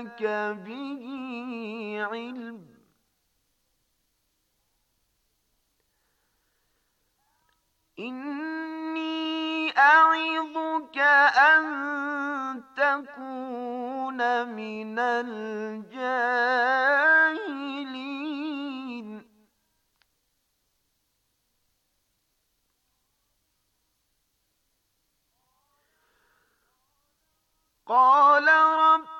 لك به علم إني أعظك أن تكون من الجاهلين قال رب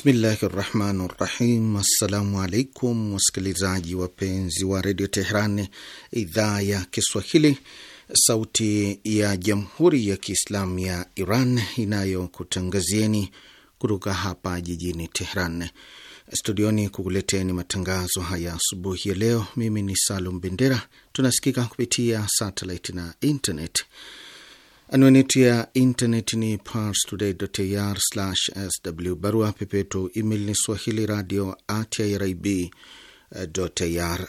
Bismillahi rahmani rahim. Assalamu alaikum wasikilizaji wapenzi wa redio Teherani, idhaa ya Kiswahili, sauti ya jamhuri ya Kiislamu ya Iran inayokutangazieni kutoka hapa jijini Teheran studioni kukuleteni matangazo haya asubuhi ya leo. Mimi ni Salum Bendera. Tunasikika kupitia satelit na internet. Anwani yetu ya intaneti ni parstoday.ir/sw. Barua pepeto email ni swahili radio at irib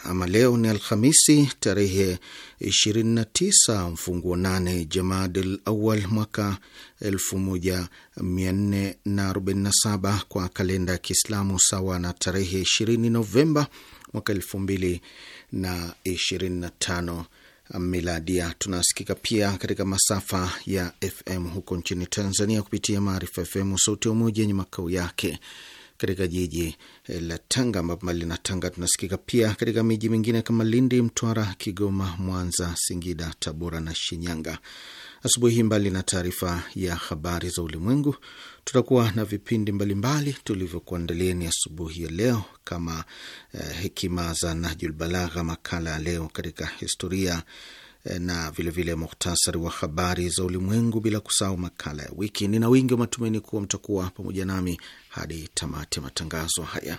Ama leo ni Alhamisi tarehe 29 mfunguo 8 Jamadil Awal mwaka 1447 kwa kalenda ya Kiislamu, sawa na tarehe 20 Novemba mwaka 2025 miladia. Tunasikika pia katika masafa ya FM huko nchini Tanzania kupitia Maarifa FM sauti ya Umoja yenye makao yake katika jiji eh, la Tanga, ambapo mbali na Tanga tunasikika pia katika miji mingine kama Lindi, Mtwara, Kigoma, Mwanza, Singida, Tabora na Shinyanga. Asubuhi hii, mbali na taarifa ya habari za ulimwengu, tutakuwa na vipindi mbalimbali tulivyokuandalieni asubuhi ya leo, kama eh, hekima za Nahjul Balagha, makala ya leo katika historia Eh, na vilevile muhtasari wa habari za ulimwengu, bila kusahau makala ya wiki. Nina wingi wa matumaini kuwa mtakuwa pamoja nami hadi tamati ya matangazo haya.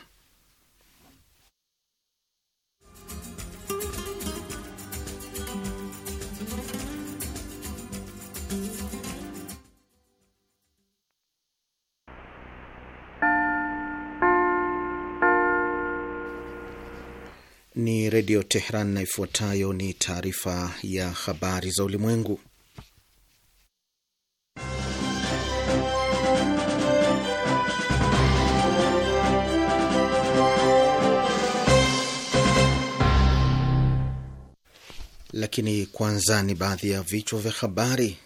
ni Redio Tehran na ifuatayo ni taarifa ya habari za ulimwengu. Lakini kwanza ni baadhi ya vichwa vya habari.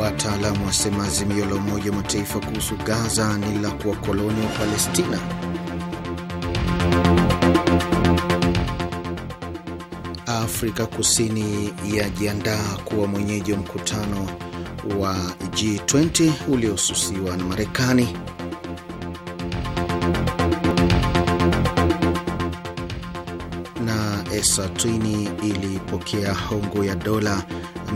Wataalamu wasema azimio la Umoja wa Mataifa kuhusu Gaza ni la kuwakoloni wa Palestina. Afrika Kusini yajiandaa kuwa mwenyeji wa mkutano wa G20 uliosusiwa na Marekani. Eswatini ilipokea hongo ya dola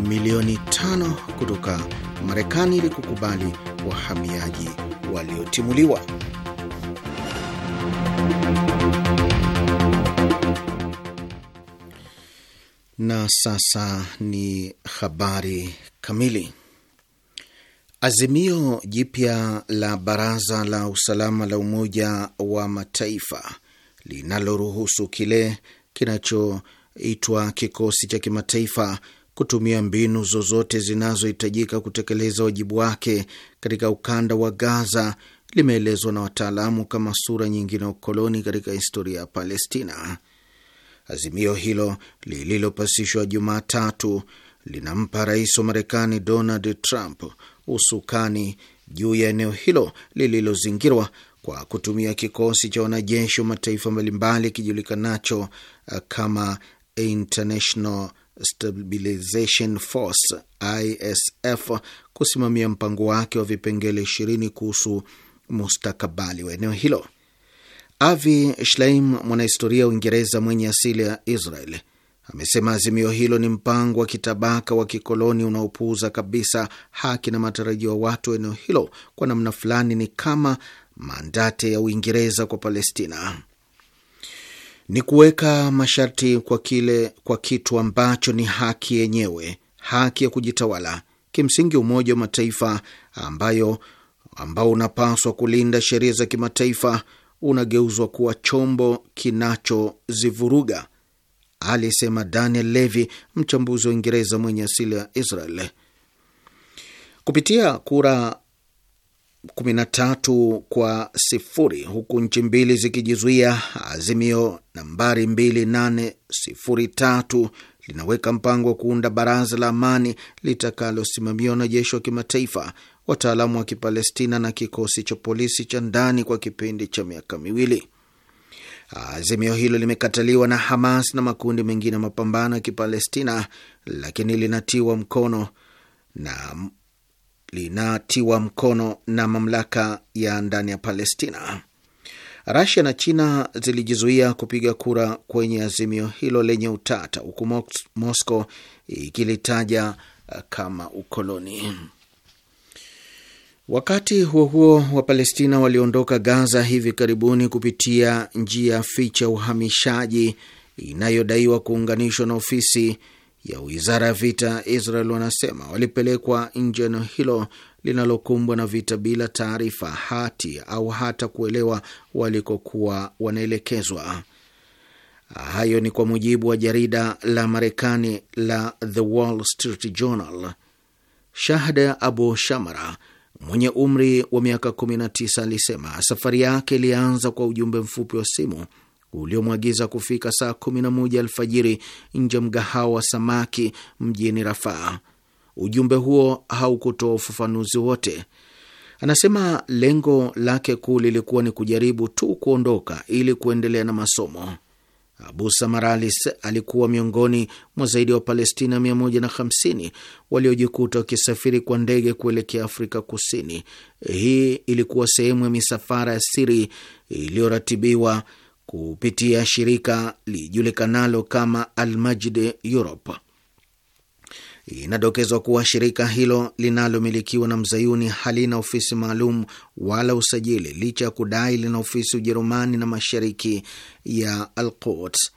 milioni tano kutoka Marekani ili kukubali wahamiaji waliotimuliwa. Na sasa ni habari kamili. Azimio jipya la Baraza la Usalama la Umoja wa Mataifa linaloruhusu kile kinachoitwa kikosi cha kimataifa kutumia mbinu zozote zinazohitajika kutekeleza wajibu wake katika ukanda wa Gaza limeelezwa na wataalamu kama sura nyingine ya ukoloni katika historia ya Palestina. Azimio hilo lililopasishwa Jumatatu linampa rais wa Marekani Donald Trump usukani juu ya eneo hilo lililozingirwa kwa kutumia kikosi cha wanajeshi wa mataifa mbalimbali kijulikanacho uh, kama International Stabilization Force ISF kusimamia mpango wake wa vipengele ishirini kuhusu mustakabali wa eneo hilo. Avi Schleim, mwanahistoria Uingereza mwenye asili ya Israel, amesema azimio hilo ni mpango wa kitabaka wa kikoloni unaopuuza kabisa haki na matarajio ya watu wa eneo hilo. Kwa namna fulani, ni kama mandate ya Uingereza kwa Palestina ni kuweka masharti kwa kile kwa kitu ambacho ni haki yenyewe, haki ya kujitawala. Kimsingi, Umoja wa Mataifa ambayo ambao unapaswa kulinda sheria za kimataifa unageuzwa kuwa chombo kinachozivuruga, alisema Daniel Levy, mchambuzi wa Uingereza mwenye asili ya Israel. Kupitia kura 13 kwa sifuri huku nchi mbili zikijizuia. Azimio nambari 2803 linaweka mpango wa kuunda baraza la amani litakalosimamiwa na jeshi wa kimataifa, wataalamu wa Kipalestina na kikosi cha polisi cha ndani kwa kipindi cha miaka miwili. Azimio hilo limekataliwa na Hamas na makundi mengine ya mapambano ya Kipalestina, lakini linatiwa mkono na linatiwa mkono na mamlaka ya ndani ya Palestina. Rasia na China zilijizuia kupiga kura kwenye azimio hilo lenye utata, huku Moscow ikilitaja eh, kama ukoloni. Wakati huo huo, Wapalestina waliondoka Gaza hivi karibuni kupitia njia ficha uhamishaji inayodaiwa kuunganishwa na ofisi ya wizara ya vita Israel wanasema walipelekwa nje eneo hilo linalokumbwa na vita bila taarifa, hati au hata kuelewa walikokuwa wanaelekezwa. Hayo ni kwa mujibu wa jarida la Marekani la The Wall Street Journal. Shahda Abu Shamara mwenye umri wa miaka 19 alisema safari yake ilianza kwa ujumbe mfupi wa simu uliomwagiza kufika saa 11 alfajiri nje mgahawa wa samaki mjini Rafaa. Ujumbe huo haukutoa ufafanuzi wote. Anasema lengo lake kuu lilikuwa ni kujaribu tu kuondoka ili kuendelea na masomo. Abu Samaralis alikuwa miongoni mwa zaidi ya Wapalestina 150 waliojikuta wakisafiri kwa ndege kuelekea Afrika Kusini. Hii ilikuwa sehemu ya misafara ya siri iliyoratibiwa kupitia shirika lijulikanalo kama Almajid Europe. Inadokezwa kuwa shirika hilo linalomilikiwa na mzayuni halina ofisi maalum wala usajili licha ya kudai lina ofisi Ujerumani na mashariki ya Alquds.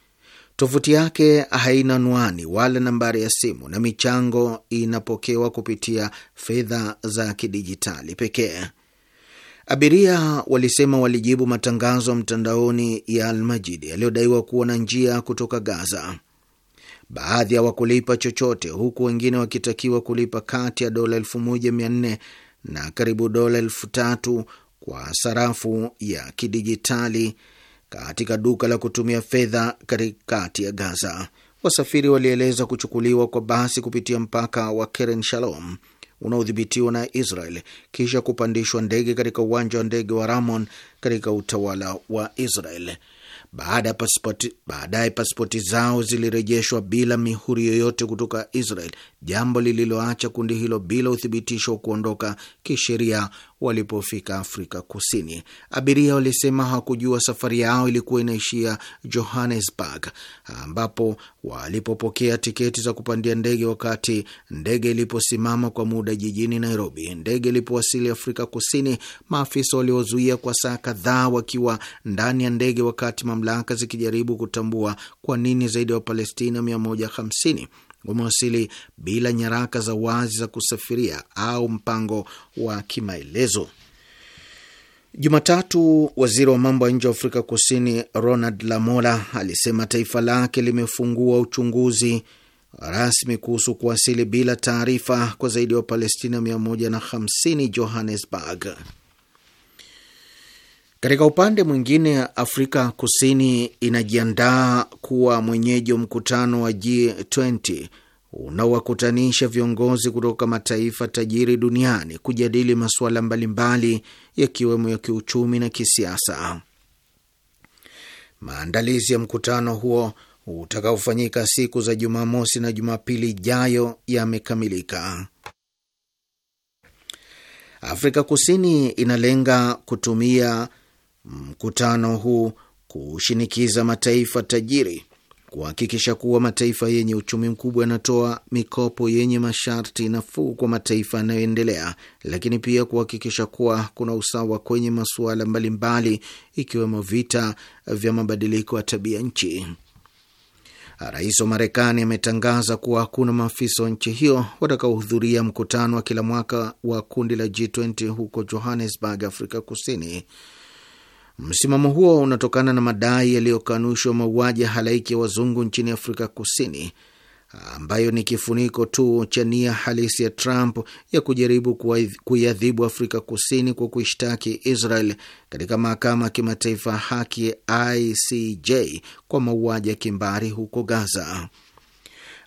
Tovuti yake haina anwani wala nambari ya simu na michango inapokewa kupitia fedha za kidijitali pekee. Abiria walisema walijibu matangazo mtandaoni ya Almajidi yaliyodaiwa kuwa na njia kutoka Gaza. Baadhi hawakulipa chochote, huku wengine wakitakiwa kulipa kati ya dola 14 na karibu dola 3 kwa sarafu ya kidijitali katika duka la kutumia fedha katikati ya Gaza. Wasafiri walieleza kuchukuliwa kwa basi kupitia mpaka wa Keren Shalom unaodhibitiwa na Israel kisha kupandishwa ndege katika uwanja wa ndege wa Ramon katika utawala wa Israel. Baadaye pasipoti, baadaye pasipoti zao zilirejeshwa bila mihuri yoyote kutoka Israel, jambo lililoacha kundi hilo bila uthibitisho wa kuondoka kisheria walipofika Afrika Kusini. Abiria walisema hawakujua safari yao ilikuwa inaishia Johannesburg, ambapo walipopokea tiketi za kupandia ndege. Wakati ndege iliposimama kwa muda jijini Nairobi, ndege ilipowasili Afrika Kusini, maafisa waliozuia kwa saa kadhaa wakiwa ndani ya ndege, wakati mamlaka zikijaribu kutambua kwa nini zaidi ya Wapalestina 150 wamewasili bila nyaraka za wazi za kusafiria au mpango wa kimaelezo. Jumatatu, waziri wa mambo ya nje wa Afrika Kusini Ronald Lamola alisema taifa lake limefungua uchunguzi rasmi kuhusu kuwasili bila taarifa kwa zaidi ya Wapalestina 150 Johannesburg. Katika upande mwingine, Afrika Kusini inajiandaa kuwa mwenyeji wa mkutano wa G20 unaowakutanisha viongozi kutoka mataifa tajiri duniani kujadili masuala mbalimbali yakiwemo ya kiuchumi na kisiasa. Maandalizi ya mkutano huo utakaofanyika siku za Jumamosi na Jumapili ijayo yamekamilika. Afrika Kusini inalenga kutumia mkutano huu kushinikiza mataifa tajiri kuhakikisha kuwa mataifa yenye uchumi mkubwa yanatoa mikopo yenye masharti nafuu kwa mataifa yanayoendelea, lakini pia kuhakikisha kuwa kuna usawa kwenye masuala mbalimbali ikiwemo vita vya mabadiliko ya tabia nchi. Rais wa Marekani ametangaza kuwa hakuna maafisa wa nchi hiyo watakaohudhuria mkutano wa kila mwaka wa kundi la G20 huko Johannesburg, Afrika Kusini. Msimamo huo unatokana na madai yaliyokanushwa mauaji ya halaiki ya wazungu nchini Afrika Kusini, ambayo ni kifuniko tu cha nia halisi ya Trump ya kujaribu kuiadhibu Afrika Kusini kwa kuishtaki Israel katika mahakama ya kimataifa haki ICJ kwa mauaji ya kimbari huko Gaza.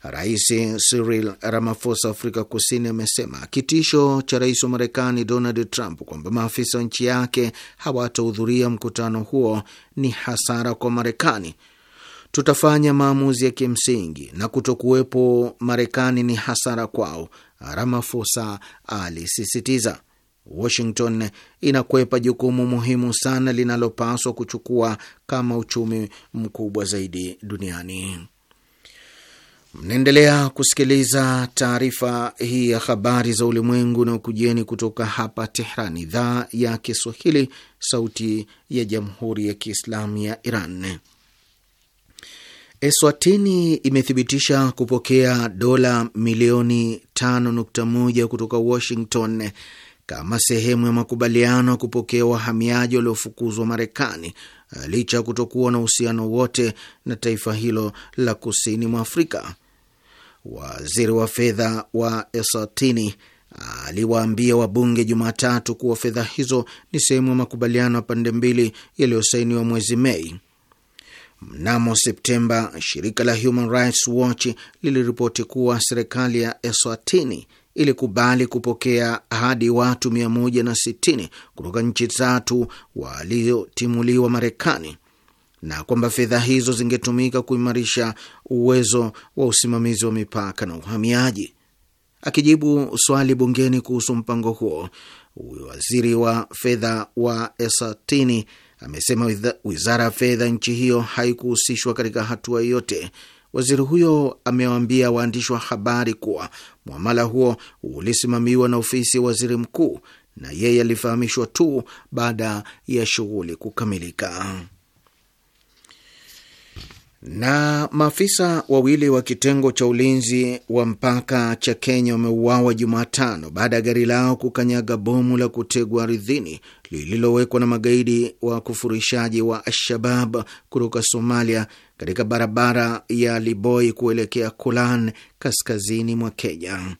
Rais Cyril Ramaphosa Afrika Kusini amesema kitisho cha rais wa Marekani Donald Trump kwamba maafisa wa nchi yake hawatahudhuria mkutano huo ni hasara kwa Marekani. Tutafanya maamuzi ya kimsingi na kutokuwepo Marekani ni hasara kwao, Ramaphosa alisisitiza. Washington inakwepa jukumu muhimu sana linalopaswa kuchukua kama uchumi mkubwa zaidi duniani. Mnaendelea kusikiliza taarifa hii ya habari za ulimwengu na ukujieni kutoka hapa Tehran, idhaa ya Kiswahili, sauti ya jamhuri ya kiislamu ya Iran. Eswatini imethibitisha kupokea dola milioni 5.1 kutoka Washington kama sehemu ya makubaliano ya kupokea wahamiaji waliofukuzwa Marekani licha ya kutokuwa na uhusiano wote na taifa hilo la kusini mwa Afrika. Waziri wa fedha wa Eswatini aliwaambia wabunge Jumatatu kuwa fedha hizo ni sehemu ya makubaliano ya pande mbili yaliyosainiwa mwezi Mei. Mnamo Septemba, shirika la Human Rights Watch liliripoti kuwa serikali ya Eswatini ilikubali kupokea hadi watu 160 kutoka nchi tatu waliotimuliwa Marekani na kwamba fedha hizo zingetumika kuimarisha uwezo wa usimamizi wa mipaka na uhamiaji. Akijibu swali bungeni kuhusu mpango huo, waziri wa fedha wa Esatini amesema wizara ya fedha nchi hiyo haikuhusishwa katika hatua yoyote. Waziri huyo amewaambia waandishi wa habari kuwa mwamala huo ulisimamiwa na ofisi ya waziri mkuu na yeye alifahamishwa tu baada ya shughuli kukamilika. Na maafisa wawili wa kitengo cha ulinzi wa mpaka cha Kenya wameuawa Jumatano baada ya gari lao kukanyaga bomu la kutegwa ardhini lililowekwa na magaidi wa kufurishaji wa Alshabab kutoka Somalia katika barabara ya Liboi kuelekea Kulan kaskazini mwa Kenya.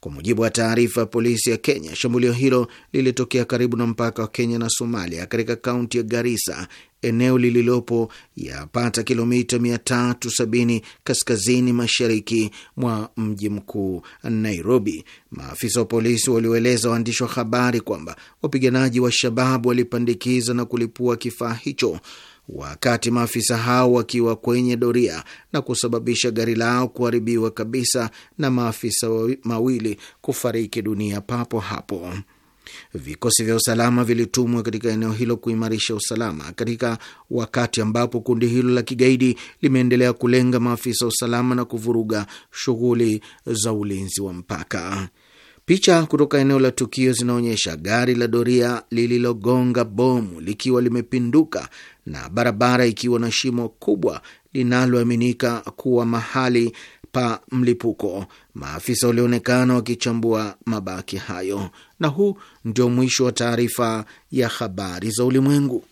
Kwa mujibu wa taarifa ya polisi ya Kenya, shambulio hilo lilitokea karibu na mpaka wa Kenya na Somalia katika kaunti ya Garissa, eneo lililopo yapata kilomita 370 kaskazini mashariki mwa mji mkuu Nairobi. Maafisa wa polisi walioeleza waandishi wa habari kwamba wapiganaji wa Shababu walipandikiza na kulipua kifaa hicho wakati maafisa hao wakiwa kwenye doria na kusababisha gari lao kuharibiwa kabisa na maafisa mawili kufariki dunia papo hapo. Vikosi vya usalama vilitumwa katika eneo hilo kuimarisha usalama katika wakati ambapo kundi hilo la kigaidi limeendelea kulenga maafisa wa usalama na kuvuruga shughuli za ulinzi wa mpaka. Picha kutoka eneo la tukio zinaonyesha gari la doria lililogonga bomu likiwa limepinduka na barabara ikiwa na shimo kubwa linaloaminika kuwa mahali pa mlipuko. Maafisa walionekana wakichambua mabaki hayo, na huu ndio mwisho wa taarifa ya habari za ulimwengu.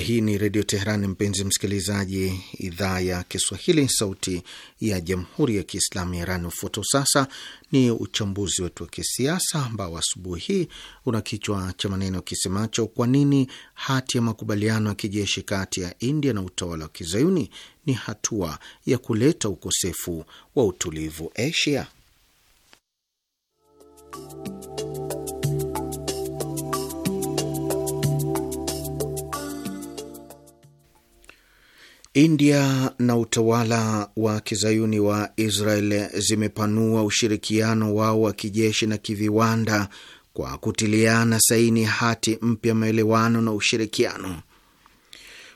Hii ni Redio Teheran, mpenzi msikilizaji, idhaa ya Kiswahili, sauti ya jamhuri ya kiislamu ya Iran. ufoto sasa ni uchambuzi wetu wa kisiasa ambao asubuhi hii una kichwa cha maneno kisemacho, kwa nini hati ya makubaliano ya kijeshi kati ya India na utawala wa kizayuni ni hatua ya kuleta ukosefu wa utulivu Asia. India na utawala wa kizayuni wa Israel zimepanua ushirikiano wao wa kijeshi na kiviwanda kwa kutiliana saini hati mpya maelewano na ushirikiano.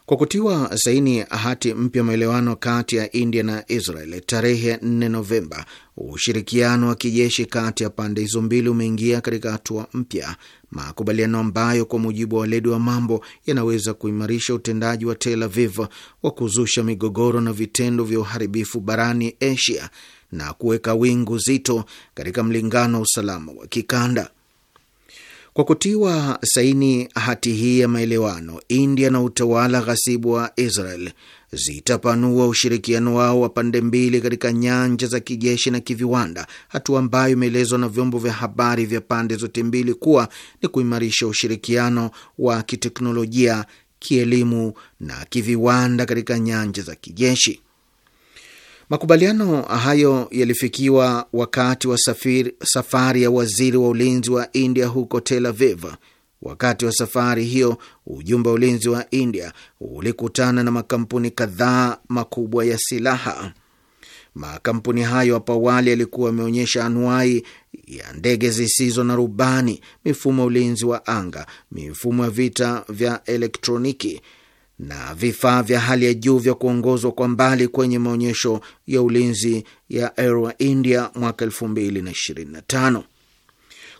Kwa kutiwa saini hati mpya maelewano kati ya India na Israel tarehe 4 Novemba, ushirikiano wa kijeshi kati ya pande hizo mbili umeingia katika hatua mpya, makubaliano ambayo kwa mujibu wa weledi wa mambo yanaweza kuimarisha utendaji wa Tel Aviv wa kuzusha migogoro na vitendo vya uharibifu barani Asia na kuweka wingu zito katika mlingano wa usalama wa kikanda. Kwa kutiwa saini hati hii ya maelewano, India na utawala ghasibu wa Israel zitapanua ushirikiano wao wa pande mbili katika nyanja za kijeshi na kiviwanda, hatua ambayo imeelezwa na vyombo vya habari vya pande zote mbili kuwa ni kuimarisha ushirikiano wa kiteknolojia, kielimu na kiviwanda katika nyanja za kijeshi. Makubaliano hayo yalifikiwa wakati wa safiri, safari ya waziri wa ulinzi wa India huko Tel Aviv. Wakati wa safari hiyo, ujumbe wa ulinzi wa India ulikutana na makampuni kadhaa makubwa ya silaha. Makampuni hayo hapo awali yalikuwa yameonyesha anuai ya ndege zisizo na rubani, mifumo ya ulinzi wa anga, mifumo ya vita vya elektroniki na vifaa vya hali ya juu vya kuongozwa kwa mbali kwenye maonyesho ya ulinzi ya Aero India mwaka 2025.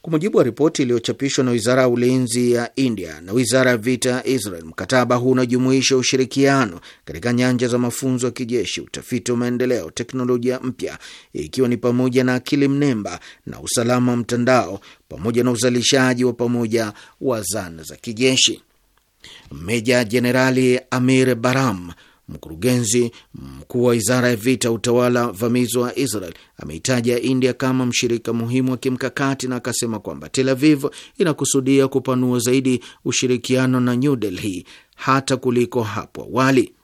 Kwa mujibu wa ripoti iliyochapishwa na wizara ya ulinzi ya India na wizara ya vita ya Israel, mkataba huu unajumuisha ushirikiano katika nyanja za mafunzo ya kijeshi, utafiti wa maendeleo, teknolojia mpya, ikiwa ni pamoja na akili mnemba na usalama wa mtandao, pamoja na uzalishaji wa pamoja wa zana za kijeshi. Meja Jenerali Amir Baram, mkurugenzi mkuu wa wizara ya vita utawala vamizi wa Israel, ameitaja India kama mshirika muhimu wa kimkakati na akasema kwamba Tel Aviv inakusudia kupanua zaidi ushirikiano na New Delhi hata kuliko hapo awali.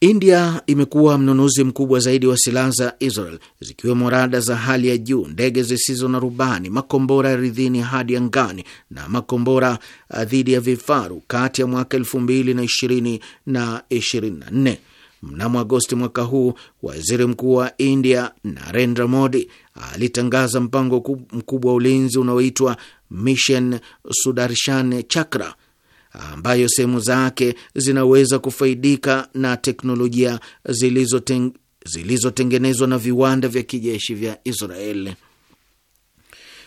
India imekuwa mnunuzi mkubwa zaidi wa silaha za Israel, zikiwemo rada za hali ya juu, ndege zisizo na rubani, makombora ridhini hadi angani na makombora uh, dhidi ya vifaru kati ya mwaka elfu mbili na ishirini na ishirini na nne. Mnamo Agosti mwaka huu, waziri mkuu wa India Narendra Modi alitangaza mpango mkubwa wa ulinzi unaoitwa Mission Sudarshan Chakra ambayo sehemu zake zinaweza kufaidika na teknolojia zilizoteng, zilizotengenezwa na viwanda vya kijeshi vya Israel.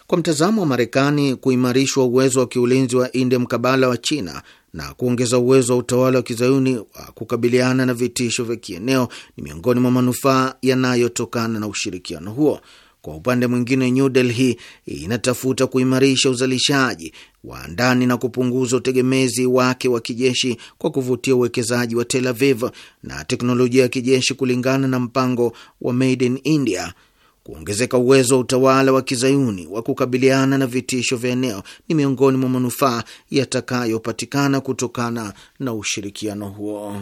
Kwa mtazamo wa Marekani, kuimarishwa uwezo wa kiulinzi wa India mkabala wa China na kuongeza uwezo wa utawala wa kizayuni wa kukabiliana na vitisho vya kieneo ni miongoni mwa manufaa yanayotokana na ushirikiano huo. Kwa upande mwingine, New Delhi inatafuta kuimarisha uzalishaji wa ndani na kupunguza utegemezi wake wa kijeshi kwa kuvutia uwekezaji wa Tel Aviv na teknolojia ya kijeshi kulingana na mpango wa Made in India. Kuongezeka uwezo wa utawala wa kizayuni wa kukabiliana na vitisho vya eneo ni miongoni mwa manufaa yatakayopatikana kutokana na ushirikiano huo.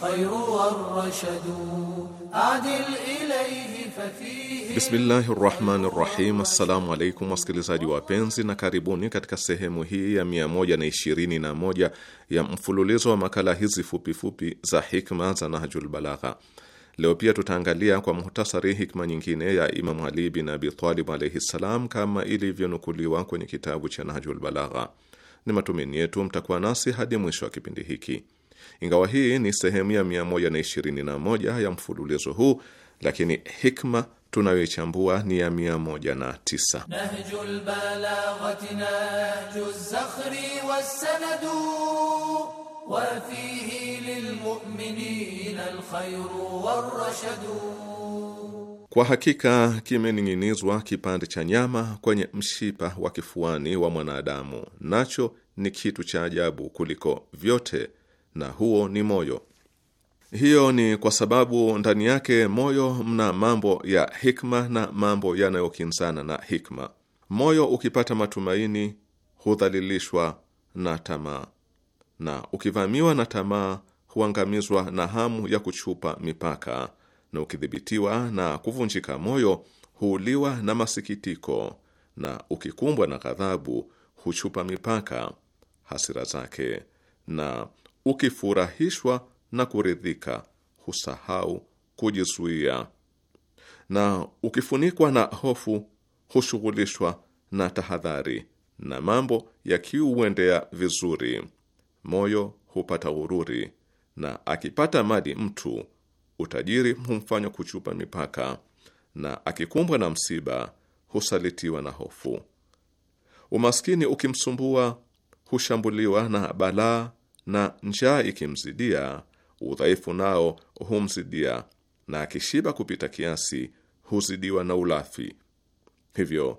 خير والرشد Bismillahi rahmani rahim. Assalamu alaikum wasikilizaji wapenzi, na karibuni katika sehemu hii ya 121 ya mfululizo wa makala hizi fupifupi fupi za hikma za Nahjul Balagha. Leo pia tutaangalia kwa muhtasari hikma nyingine ya Imamu Ali bin Abi Talib alaihi ssalam, kama ilivyonukuliwa kwenye kitabu cha Nahjul Balagha. Ni matumaini yetu mtakuwa nasi hadi mwisho wa kipindi hiki. Ingawa hii ni sehemu ya 121 ya mfululizo huu, lakini hikma tunayoichambua ni ya 109. kwa hakika kimening'inizwa kipande cha nyama kwenye mshipa wa kifuani wa mwanadamu, nacho ni kitu cha ajabu kuliko vyote na huo ni moyo. Hiyo ni kwa sababu ndani yake moyo mna mambo ya hikma na mambo yanayokinzana na hikma. Moyo ukipata matumaini hudhalilishwa na tamaa, na ukivamiwa na tamaa huangamizwa na hamu ya kuchupa mipaka, na ukidhibitiwa na kuvunjika moyo huuliwa na masikitiko, na ukikumbwa na ghadhabu huchupa mipaka hasira zake, na ukifurahishwa na kuridhika husahau kujizuia, na ukifunikwa na hofu hushughulishwa na tahadhari, na mambo yakiuendea vizuri moyo hupata ghururi, na akipata mali mtu utajiri humfanywa kuchupa mipaka, na akikumbwa na msiba husalitiwa na hofu. Umaskini ukimsumbua hushambuliwa na balaa na njaa ikimzidia, udhaifu nao humzidia, na akishiba kupita kiasi huzidiwa na ulafi. Hivyo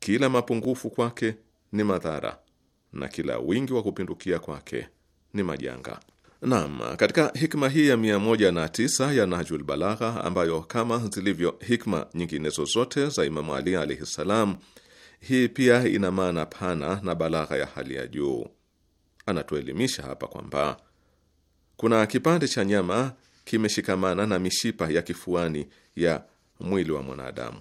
kila mapungufu kwake ni madhara na kila wingi wa kupindukia kwake ni majanga. Naam, katika hikma hii ya tisa ya Nahjul Balagha, ambayo kama zilivyo hikma nyingine zozote za Imamu Ali alaihi ssalam, hii pia ina maana pana na balagha ya hali ya juu anatuelimisha hapa kwamba kuna kipande cha nyama kimeshikamana na mishipa ya kifuani ya mwili wa mwanadamu.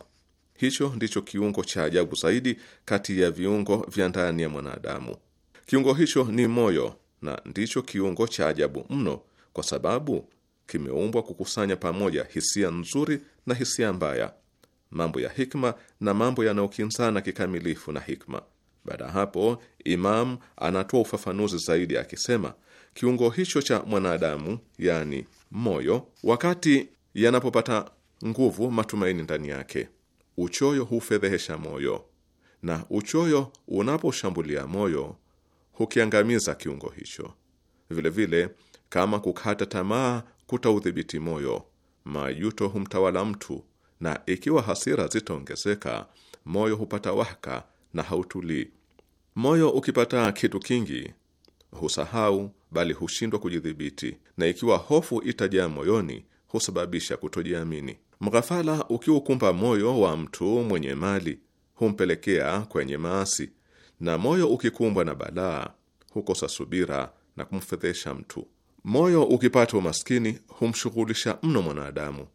Hicho ndicho kiungo cha ajabu zaidi kati ya viungo vya ndani ya mwanadamu. Kiungo hicho ni moyo, na ndicho kiungo cha ajabu mno, kwa sababu kimeumbwa kukusanya pamoja hisia nzuri na hisia mbaya, mambo ya hikma na mambo yanayokinzana kikamilifu na hikma. Baada ya hapo, Imam anatoa ufafanuzi zaidi akisema, kiungo hicho cha mwanadamu, yani moyo, wakati yanapopata nguvu matumaini ndani yake, uchoyo hufedhehesha moyo, na uchoyo unaposhambulia moyo hukiangamiza kiungo hicho. Vilevile vile, kama kukata tamaa kutaudhibiti moyo, majuto humtawala mtu, na ikiwa hasira zitaongezeka, moyo hupata wahaka na hautulii. Moyo ukipata kitu kingi husahau, bali hushindwa kujidhibiti, na ikiwa hofu itajaa moyoni husababisha kutojiamini. Mghafala ukiukumba moyo wa mtu mwenye mali humpelekea kwenye maasi, na moyo ukikumbwa na balaa hukosa subira na kumfedhesha mtu. Moyo ukipata umaskini humshughulisha mno mwanadamu,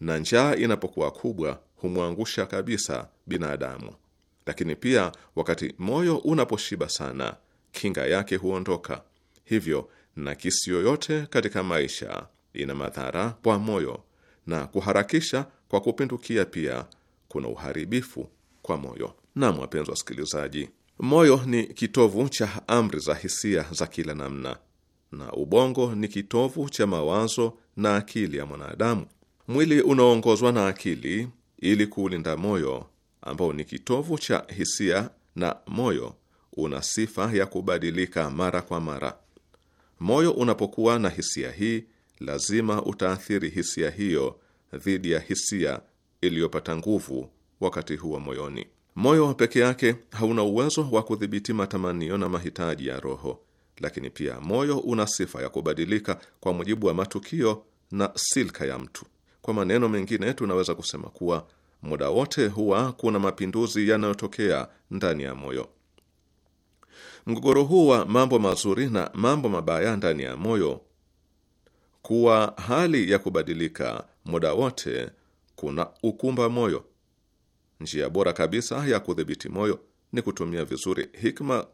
na njaa inapokuwa kubwa humwangusha kabisa binadamu. Lakini pia wakati moyo unaposhiba sana, kinga yake huondoka. Hivyo nakisi yoyote katika maisha ina madhara kwa moyo, na kuharakisha kwa kupindukia pia kuna uharibifu kwa moyo. Naam, wapenzi wasikilizaji, moyo ni kitovu cha amri za hisia za kila namna, na ubongo ni kitovu cha mawazo na akili ya mwanadamu. Mwili unaongozwa na akili ili kuulinda moyo ambao ni kitovu cha hisia na moyo una sifa ya kubadilika mara kwa mara. Moyo unapokuwa na hisia hii, lazima utaathiri hisia hiyo dhidi ya hisia iliyopata nguvu wakati huo moyoni. Moyo peke yake hauna uwezo wa kudhibiti matamanio na mahitaji ya roho, lakini pia moyo una sifa ya kubadilika kwa mujibu wa matukio na silka ya mtu. Kwa maneno mengine, tunaweza kusema kuwa muda wote huwa kuna mapinduzi yanayotokea ndani ya moyo. Mgogoro huu wa mambo mazuri na mambo mabaya ndani ya moyo kuwa hali ya kubadilika muda wote kuna ukumba moyo. Njia bora kabisa ya kudhibiti moyo ni kutumia vizuri hikma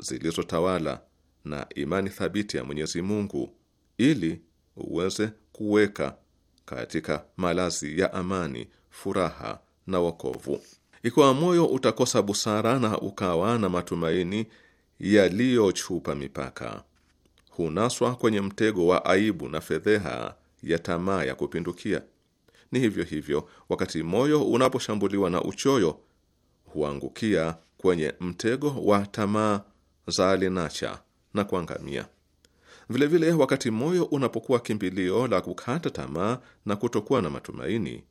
zilizotawala na imani thabiti ya Mwenyezi Mungu ili uweze kuweka katika malazi ya amani furaha na wokovu. Ikiwa moyo utakosa busara na ukawa na matumaini yaliyochupa mipaka, hunaswa kwenye mtego wa aibu na fedheha ya tamaa ya kupindukia. Ni hivyo hivyo, wakati moyo unaposhambuliwa na uchoyo, huangukia kwenye mtego wa tamaa za alinacha na kuangamia. Vilevile, wakati moyo unapokuwa kimbilio la kukata tamaa na kutokuwa na matumaini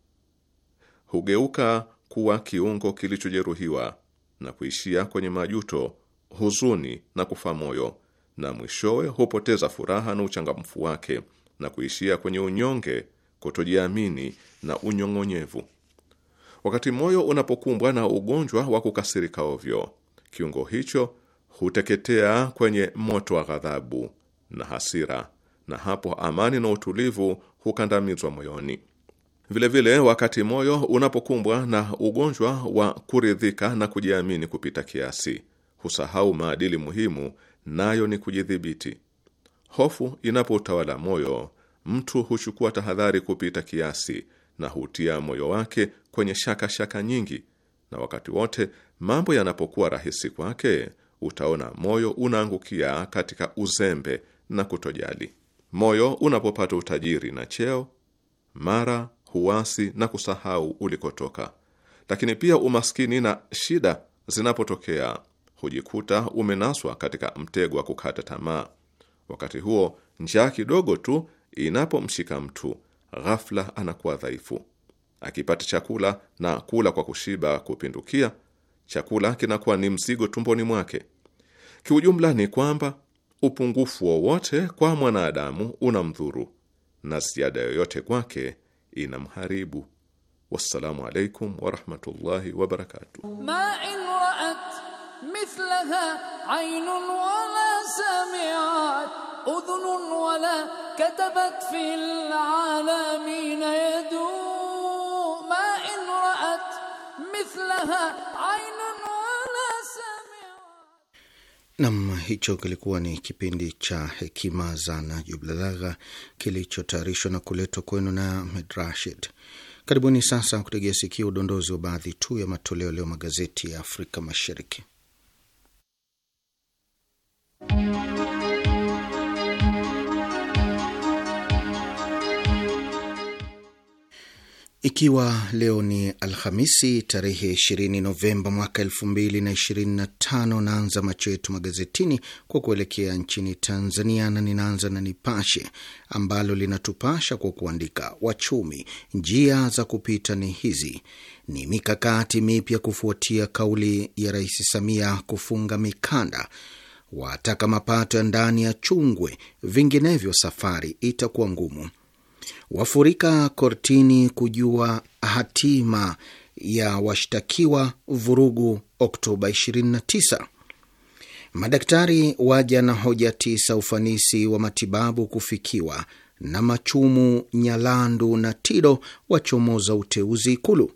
hugeuka kuwa kiungo kilichojeruhiwa na kuishia kwenye majuto, huzuni na kufa moyo, na mwishowe hupoteza furaha na uchangamfu wake na kuishia kwenye unyonge, kutojiamini na unyong'onyevu. Wakati moyo unapokumbwa na ugonjwa wa kukasirika ovyo, kiungo hicho huteketea kwenye moto wa ghadhabu na hasira, na hapo amani na utulivu hukandamizwa moyoni. Vilevile vile, wakati moyo unapokumbwa na ugonjwa wa kuridhika na kujiamini kupita kiasi, husahau maadili muhimu, nayo ni kujidhibiti. Hofu inapoutawala moyo, mtu huchukua tahadhari kupita kiasi na hutia moyo wake kwenye shaka shaka nyingi, na wakati wote mambo yanapokuwa rahisi kwake, utaona moyo unaangukia katika uzembe na kutojali. Moyo unapopata utajiri na cheo, mara huasi na kusahau ulikotoka. Lakini pia umaskini na shida zinapotokea hujikuta umenaswa katika mtego wa kukata tamaa. Wakati huo njaa kidogo tu inapomshika mtu, ghafla anakuwa dhaifu. Akipata chakula na kula kwa kushiba kupindukia, chakula kinakuwa ni mzigo tumboni mwake. Kiujumla ni kwamba upungufu wowote kwa mwanadamu una mdhuru na ziada yoyote kwake inamharibu. Wassalamu alaikum warahmatullahi wabarakatuh. ma in raat mithlaha aynun wala samiat udhunun wala katabat fil alamin yadu ma in raat mithlaha Nam, hicho kilikuwa ni kipindi cha hekima za Najib kilichotayarishwa na kuletwa kwenu na Ahmed Rashid. Karibuni sasa kutegea sikio udondozi wa baadhi tu ya matoleo leo magazeti ya Afrika Mashariki. Ikiwa leo ni Alhamisi tarehe 20 Novemba mwaka 2025, naanza macho yetu magazetini kwa kuelekea nchini Tanzania, na ninaanza na Nipashe ambalo linatupasha kwa kuandika wachumi, njia za kupita ni hizi, ni mikakati mipya kufuatia kauli ya Rais Samia kufunga mikanda, wataka mapato ya ndani ya chungwe, vinginevyo safari itakuwa ngumu wafurika kortini kujua hatima ya washtakiwa vurugu Oktoba 29. Madaktari waja na hoja tisa ufanisi wa matibabu kufikiwa, na machumu Nyalandu na Tido wachomoza uteuzi Ikulu.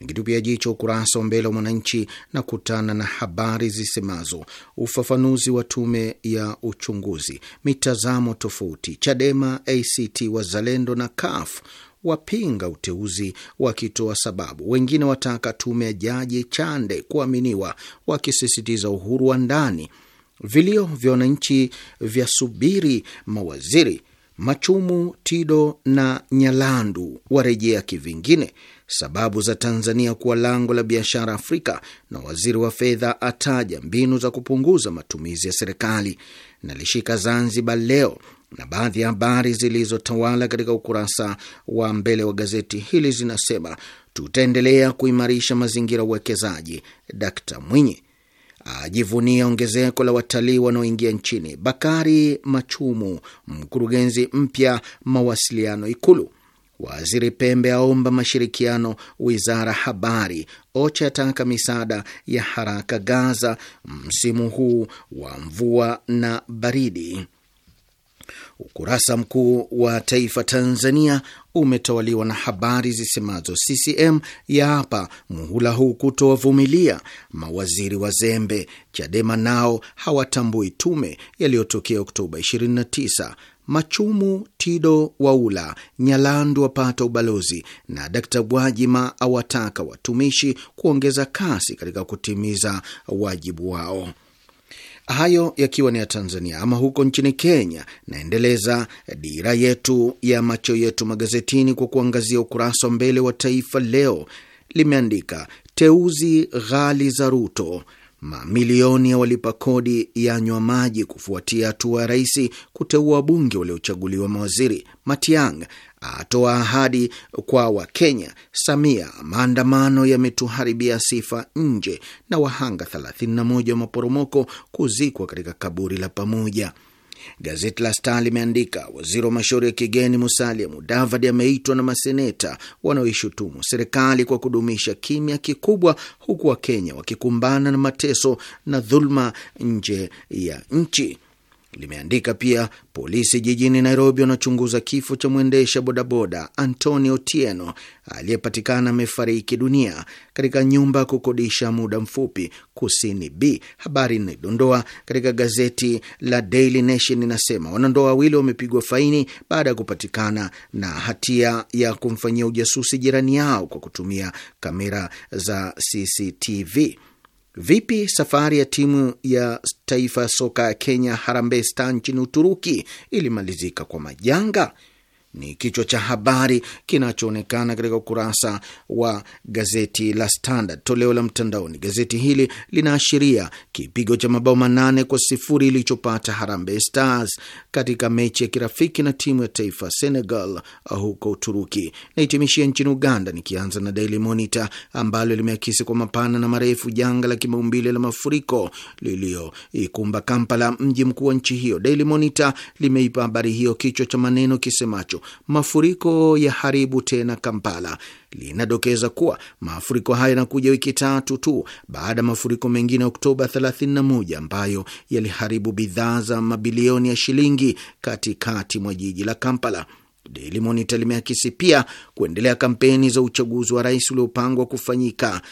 Nikitupia jicho ukurasa wa mbele wa Mwananchi na kutana na habari zisemazo ufafanuzi wa tume ya uchunguzi, mitazamo tofauti, Chadema, ACT Wazalendo na CUF wapinga uteuzi wakitoa sababu, wengine wataka tume ya Jaji Chande kuaminiwa, wakisisitiza uhuru wa ndani. Vilio vya wananchi vyasubiri mawaziri Machumu, Tido na Nyalandu warejea kivingine. Sababu za Tanzania kuwa lango la biashara Afrika, na waziri wa fedha ataja mbinu za kupunguza matumizi ya serikali. Nalishika Zanzibar Leo, na baadhi ya habari zilizotawala katika ukurasa wa mbele wa gazeti hili zinasema tutaendelea kuimarisha mazingira ya uwekezaji, Dkt Mwinyi ajivunia ongezeko la watalii wanaoingia nchini. Bakari Machumu, mkurugenzi mpya mawasiliano Ikulu. Waziri Pembe aomba mashirikiano wizara habari. OCHA yataka misaada ya haraka Gaza msimu huu wa mvua na baridi. Ukurasa mkuu wa Taifa Tanzania umetawaliwa na habari zisemazo CCM ya hapa muhula huu kutowavumilia mawaziri wazembe, Chadema nao hawatambui tume yaliyotokea Oktoba 29 Machumu Tido waula Nyalandu wapata ubalozi, na d Gwajima awataka watumishi kuongeza kasi katika kutimiza wajibu wao. Hayo yakiwa ni ya Tanzania. Ama huko nchini Kenya, naendeleza dira yetu ya macho yetu magazetini kwa kuangazia ukurasa wa mbele wa Taifa Leo. Limeandika teuzi ghali za Ruto, mamilioni ya walipa kodi yanywa maji kufuatia hatua ya rais kuteua wabunge waliochaguliwa mawaziri. Matiang atoa ahadi kwa Wakenya. Samia: maandamano yametuharibia sifa nje, na wahanga 31 wa maporomoko kuzikwa katika kaburi la pamoja. Gazeti la Star limeandika waziri wa mashauri ya kigeni Musalia Mudavadi ameitwa na maseneta wanaoishutumu serikali kwa kudumisha kimya kikubwa, huku Wakenya wakikumbana na mateso na dhuluma nje ya nchi. Limeandika pia polisi jijini Nairobi wanachunguza kifo cha mwendesha bodaboda Antonio tieno aliyepatikana amefariki dunia katika nyumba ya kukodisha muda mfupi kusini B. Habari inayodondoa katika gazeti la Daily Nation inasema wanandoa wawili wamepigwa faini baada ya kupatikana na hatia ya kumfanyia ujasusi jirani yao kwa kutumia kamera za CCTV. Vipi safari ya timu ya taifa ya soka ya Kenya, Harambee nchini Uturuki ilimalizika kwa majanga? ni kichwa cha habari kinachoonekana katika ukurasa wa gazeti la Standard toleo la mtandaoni. Gazeti hili linaashiria kipigo cha mabao manane kwa sifuri ilichopata Harambee Stars katika mechi ya kirafiki na timu ya taifa Senegal huko Uturuki. naitimishia nchini Uganda, nikianza na Daily Monitor ambalo limeakisi kwa mapana na marefu janga la kimaumbile la mafuriko liliyoikumba Kampala, mji mkuu wa nchi hiyo. Daily Monitor limeipa habari hiyo kichwa cha maneno kisemacho kesho mafuriko ya haribu tena Kampala. Linadokeza kuwa mafuriko haya yanakuja wiki tatu tu baada ya mafuriko mengine Oktoba 31 ambayo yaliharibu bidhaa za mabilioni ya shilingi katikati mwa jiji la Kampala. Daily Monitor limeakisi pia kuendelea kampeni za uchaguzi wa rais uliopangwa kufanyika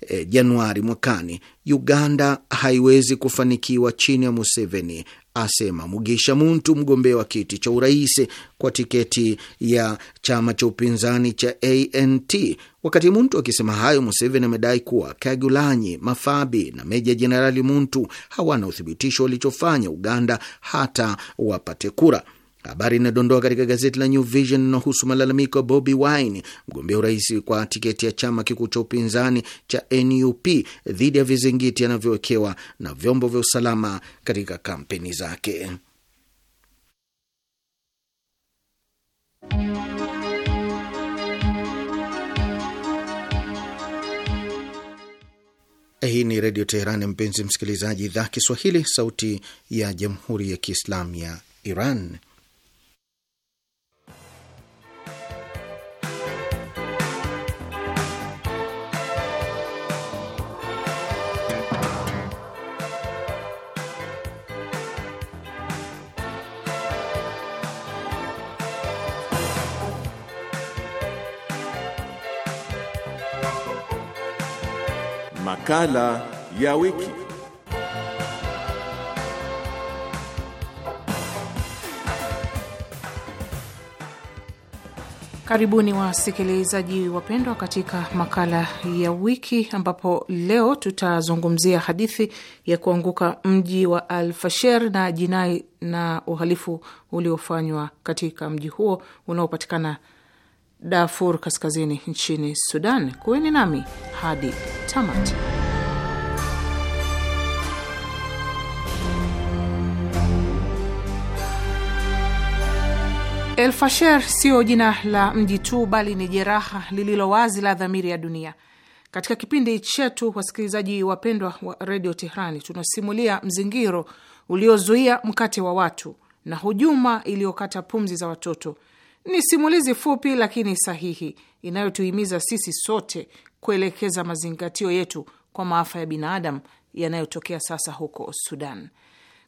e, Januari mwakani. Uganda haiwezi kufanikiwa chini ya Museveni, asema Mugisha Muntu, mgombea wa kiti cha urais kwa tiketi ya chama cha upinzani cha ANT. Wakati Muntu akisema hayo, Museveni amedai kuwa Kagulanyi, Mafabi na Meja Jenerali Muntu hawana uthibitisho walichofanya Uganda hata wapate kura. Habari inadondoa katika gazeti la New Vision inahusu malalamiko ya Bobi Wine, mgombea urais kwa tiketi ya chama kikuu cha upinzani cha NUP dhidi ya vizingiti anavyowekewa na vyombo vya usalama katika kampeni zake. Hii ni Redio Teheran, mpenzi msikilizaji, idhaa Kiswahili, sauti ya Jamhuri ya Kiislamu ya Iran. Makala ya wiki. Karibuni wasikilizaji wapendwa, katika makala ya wiki ambapo leo tutazungumzia hadithi ya kuanguka mji wa alfasher na jinai na uhalifu uliofanywa katika mji huo unaopatikana Darfur Kaskazini nchini Sudan. Kuweni nami hadi tamati. El Fasher jina la mji tu, bali ni jeraha lililo wazi la dhamiri ya dunia. Katika kipindi chetu, wasikilizaji wapendwa wa redio Tehrani, tunasimulia mzingiro uliozuia mkate wa watu na hujuma iliyokata pumzi za watoto ni simulizi fupi lakini sahihi inayotuhimiza sisi sote kuelekeza mazingatio yetu kwa maafa ya binadamu yanayotokea sasa huko Sudan.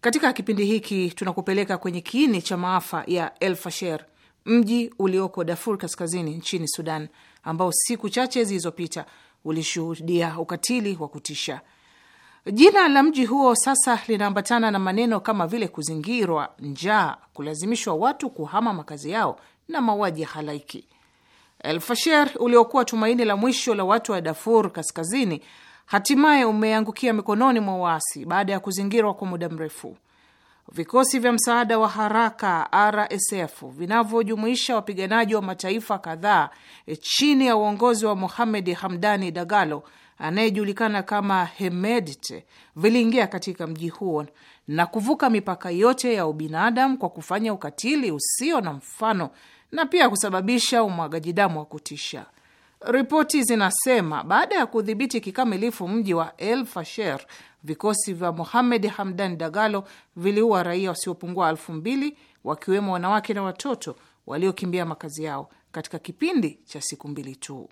Katika kipindi hiki tunakupeleka kwenye kiini cha maafa ya El Fasher, mji ulioko Darfur kaskazini nchini Sudan, ambao siku chache zilizopita ulishuhudia ukatili wa kutisha. Jina la mji huo sasa linaambatana na maneno kama vile kuzingirwa, njaa, kulazimishwa watu kuhama makazi yao na mauaji ya halaiki. Elfasher uliokuwa tumaini la mwisho la watu wa Darfur Kaskazini hatimaye umeangukia mikononi mwa waasi baada ya kuzingirwa kwa muda mrefu. Vikosi vya msaada wa haraka RSF vinavyojumuisha wapiganaji wa mataifa kadhaa e, chini ya uongozi wa Mohamed Hamdani Dagalo anayejulikana kama Hemedti viliingia katika mji huo na kuvuka mipaka yote ya ubinadamu kwa kufanya ukatili usio na mfano na pia kusababisha umwagaji damu wa kutisha. Ripoti zinasema baada ya kudhibiti kikamilifu mji wa El Fasher, vikosi vya Mohamed Hamdan Dagalo viliua raia wasiopungua elfu mbili wakiwemo wanawake na watoto waliokimbia makazi yao katika kipindi cha siku mbili tu.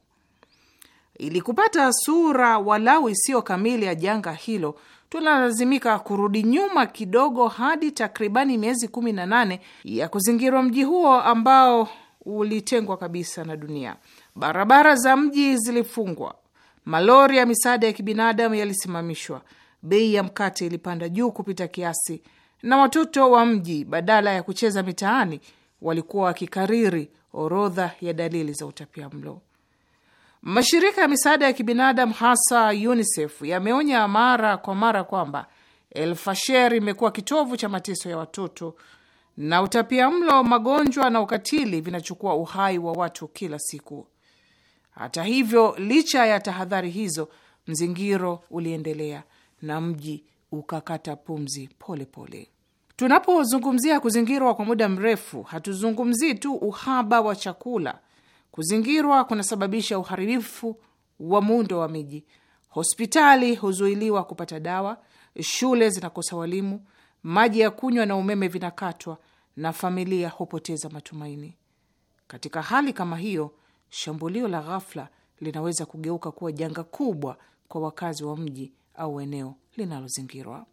Ili kupata sura walau isiyo kamili ya janga hilo, tunalazimika kurudi nyuma kidogo hadi takribani miezi kumi na nane ya kuzingirwa mji huo ambao ulitengwa kabisa na dunia. Barabara za mji zilifungwa, malori ya misaada ya kibinadamu yalisimamishwa, bei ya mkate ilipanda juu kupita kiasi, na watoto wa mji badala ya kucheza mitaani walikuwa wakikariri orodha ya dalili za utapia mlo. Mashirika ya misaada ya kibinadamu hasa UNICEF yameonya mara kwa mara kwamba El Fasher imekuwa kitovu cha mateso ya watoto na utapia mlo, magonjwa na ukatili vinachukua uhai wa watu kila siku. Hata hivyo, licha ya tahadhari hizo, mzingiro uliendelea na mji ukakata pumzi polepole. Tunapozungumzia kuzingirwa kwa muda mrefu, hatuzungumzii tu uhaba wa chakula Kuzingirwa kunasababisha uharibifu wa muundo wa miji, hospitali huzuiliwa kupata dawa, shule zinakosa walimu, maji ya kunywa na umeme vinakatwa na familia hupoteza matumaini. Katika hali kama hiyo, shambulio la ghafla linaweza kugeuka kuwa janga kubwa kwa wakazi wa mji au eneo linalozingirwa.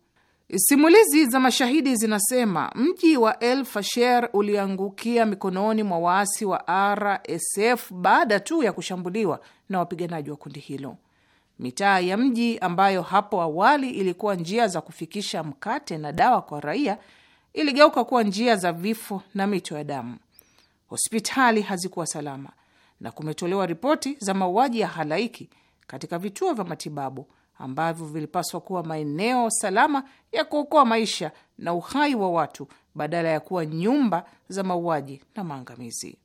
Simulizi za mashahidi zinasema mji wa El Fasher uliangukia mikononi mwa waasi wa RSF baada tu ya kushambuliwa na wapiganaji wa kundi hilo. Mitaa ya mji ambayo hapo awali ilikuwa njia za kufikisha mkate na dawa kwa raia iligeuka kuwa njia za vifo na mito ya damu. Hospitali hazikuwa salama na kumetolewa ripoti za mauaji ya halaiki katika vituo vya matibabu ambavyo vilipaswa kuwa maeneo salama ya kuokoa maisha na uhai wa watu badala ya kuwa nyumba za mauaji na maangamizi.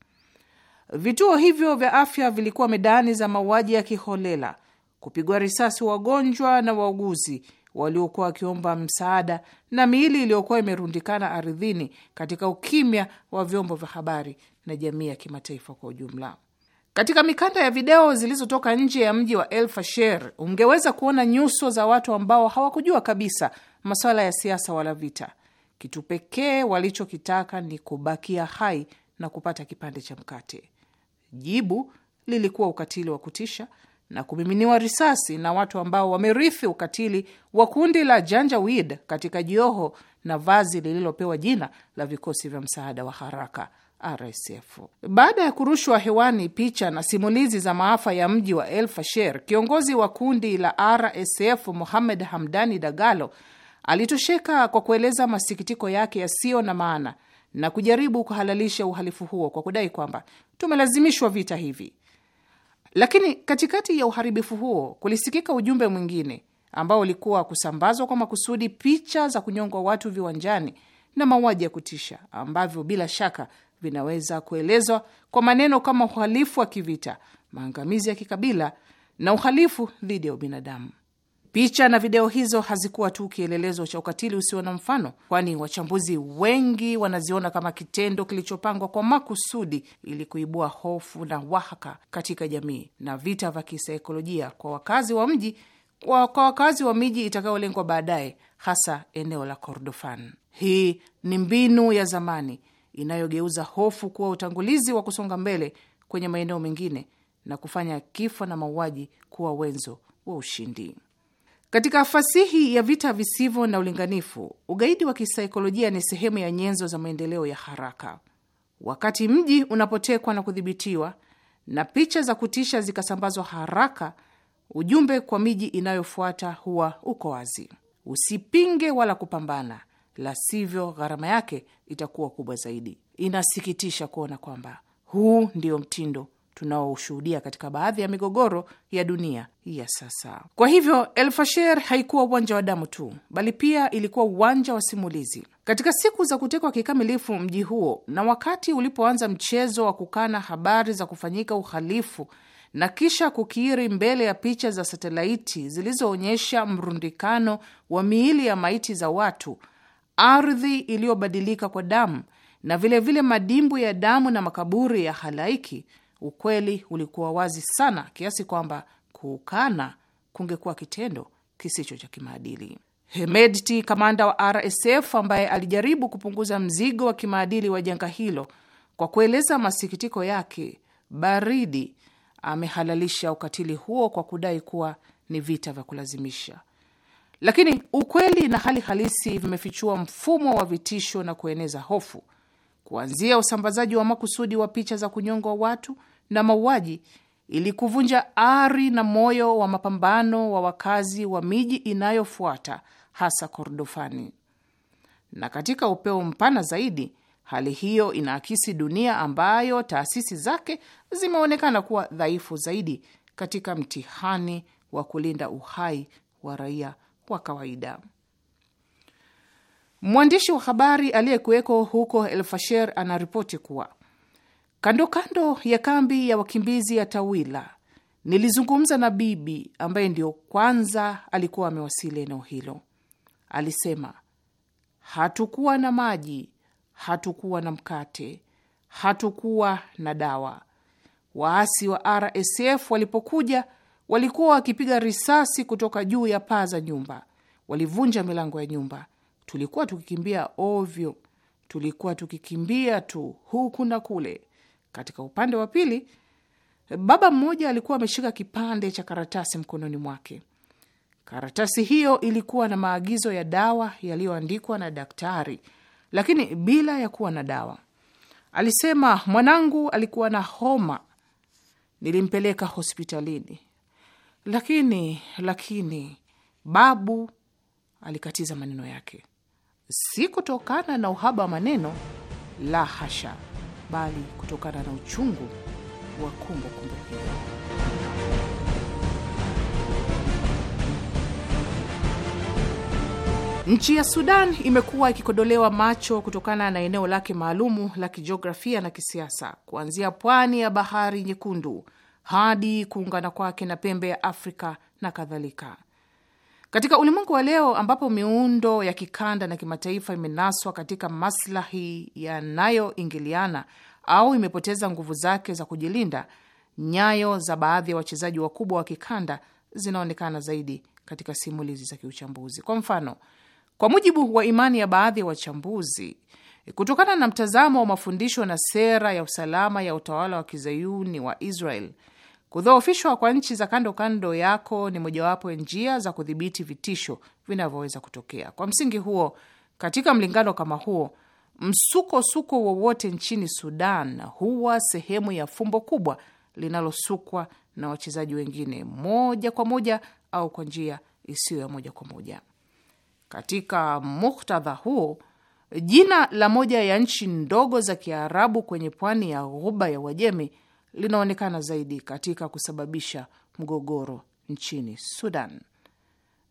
Vituo hivyo vya afya vilikuwa medani za mauaji ya kiholela, kupigwa risasi wagonjwa na wauguzi waliokuwa wakiomba msaada na miili iliyokuwa imerundikana ardhini katika ukimya wa vyombo vya habari na jamii ya kimataifa kwa ujumla. Katika mikanda ya video zilizotoka nje ya mji wa El Fasher ungeweza kuona nyuso za watu ambao hawakujua kabisa masuala ya siasa wala vita. Kitu pekee walichokitaka ni kubakia hai na kupata kipande cha mkate. Jibu lilikuwa ukatili wa kutisha na kumiminiwa risasi na watu ambao wamerithi ukatili wa kundi la Janjaweed katika joho na vazi lililopewa jina la vikosi vya msaada wa haraka. RSF. Baada ya kurushwa hewani picha na simulizi za maafa ya mji wa El Fasher, kiongozi wa kundi la RSF Mohamed Hamdani Dagalo alitosheka kwa kueleza masikitiko yake yasiyo na maana na kujaribu kuhalalisha uhalifu huo kwa kudai kwamba tumelazimishwa vita hivi. Lakini katikati ya uharibifu huo kulisikika ujumbe mwingine ambao ulikuwa kusambazwa kwa makusudi picha za kunyongwa watu viwanjani na mauaji ya kutisha ambavyo bila shaka vinaweza kuelezwa kwa maneno kama uhalifu wa kivita, maangamizi ya kikabila na uhalifu dhidi ya ubinadamu. Picha na video hizo hazikuwa tu kielelezo cha ukatili usio na mfano, kwani wachambuzi wengi wanaziona kama kitendo kilichopangwa kwa makusudi ili kuibua hofu na wahaka katika jamii na vita vya kisaikolojia kwa wakazi wa mji kwa, kwa wakazi wa miji itakayolengwa baadaye, hasa eneo la Kordofan. Hii ni mbinu ya zamani inayogeuza hofu kuwa utangulizi wa kusonga mbele kwenye maeneo mengine na kufanya kifo na mauaji kuwa wenzo wa ushindi. Katika fasihi ya vita visivyo na ulinganifu, ugaidi wa kisaikolojia ni sehemu ya nyenzo za maendeleo ya haraka. Wakati mji unapotekwa na kudhibitiwa na picha za kutisha zikasambazwa haraka, ujumbe kwa miji inayofuata huwa uko wazi: usipinge wala kupambana, la sivyo gharama yake itakuwa kubwa zaidi. Inasikitisha kuona kwamba huu ndio mtindo tunaoshuhudia katika baadhi ya migogoro ya dunia ya sasa. Kwa hivyo, El Fasher haikuwa uwanja wa damu tu, bali pia ilikuwa uwanja wa simulizi. Katika siku za kutekwa kikamilifu mji huo na wakati ulipoanza mchezo wa kukana habari za kufanyika uhalifu na kisha kukiri mbele ya picha za satelaiti zilizoonyesha mrundikano wa miili ya maiti za watu ardhi iliyobadilika kwa damu na vilevile vile madimbu ya damu na makaburi ya halaiki, ukweli ulikuwa wazi sana kiasi kwamba kuukana kungekuwa kitendo kisicho cha kimaadili. Hemedti, kamanda wa RSF ambaye alijaribu kupunguza mzigo wa kimaadili wa janga hilo kwa kueleza masikitiko yake baridi, amehalalisha ukatili huo kwa kudai kuwa ni vita vya kulazimisha. Lakini ukweli na hali halisi vimefichua mfumo wa vitisho na kueneza hofu, kuanzia usambazaji wa makusudi wa picha za kunyongwa watu na mauaji ili kuvunja ari na moyo wa mapambano wa wakazi wa miji inayofuata hasa Kordofani. Na katika upeo mpana zaidi, hali hiyo inaakisi dunia ambayo taasisi zake zimeonekana kuwa dhaifu zaidi katika mtihani wa kulinda uhai wa raia wa kawaida. Mwandishi wa habari aliyekuweko huko El Fasher anaripoti kuwa kando kando ya kambi ya wakimbizi ya Tawila nilizungumza na bibi ambaye ndiyo kwanza alikuwa amewasili eneo hilo. Alisema hatukuwa na maji, hatukuwa na mkate, hatukuwa na dawa. Waasi wa RSF walipokuja Walikuwa wakipiga risasi kutoka juu ya paa za nyumba, walivunja milango ya nyumba. Tulikuwa tukikimbia ovyo, tulikuwa tukikimbia tu huku na kule. Katika upande wa pili, baba mmoja alikuwa ameshika kipande cha karatasi mkononi mwake. Karatasi hiyo ilikuwa na maagizo ya dawa yaliyoandikwa na daktari, lakini bila ya kuwa na dawa. Alisema mwanangu alikuwa na homa, nilimpeleka hospitalini lakini lakini babu alikatiza maneno yake, si kutokana na uhaba wa maneno, la hasha, bali kutokana na uchungu wa kumbukumbu hiyo. Nchi ya Sudan imekuwa ikikodolewa macho kutokana na eneo lake maalumu la kijiografia na kisiasa, kuanzia pwani ya bahari Nyekundu hadi kuungana kwake na pembe ya Afrika na kadhalika. Katika ulimwengu wa leo ambapo miundo ya kikanda na kimataifa imenaswa katika maslahi yanayoingiliana au imepoteza nguvu zake za kujilinda, nyayo za baadhi ya wa wachezaji wakubwa wa kikanda zinaonekana zaidi katika simulizi za kiuchambuzi. Kwa mfano, kwa mujibu wa imani ya baadhi ya wa wachambuzi, kutokana na mtazamo wa mafundisho na sera ya usalama ya utawala wa kizayuni wa Israel Kudhoofishwa kwa nchi za kando kando yako ni mojawapo njia za kudhibiti vitisho vinavyoweza kutokea. Kwa msingi huo, katika mlingano kama huo, msukosuko wowote nchini Sudan huwa sehemu ya fumbo kubwa linalosukwa na wachezaji wengine moja kwa moja au kwa njia isiyo ya moja kwa moja. Katika muktadha huo, jina la moja ya nchi ndogo za Kiarabu kwenye pwani ya Ghuba ya Uajemi linaonekana zaidi katika kusababisha mgogoro nchini Sudan.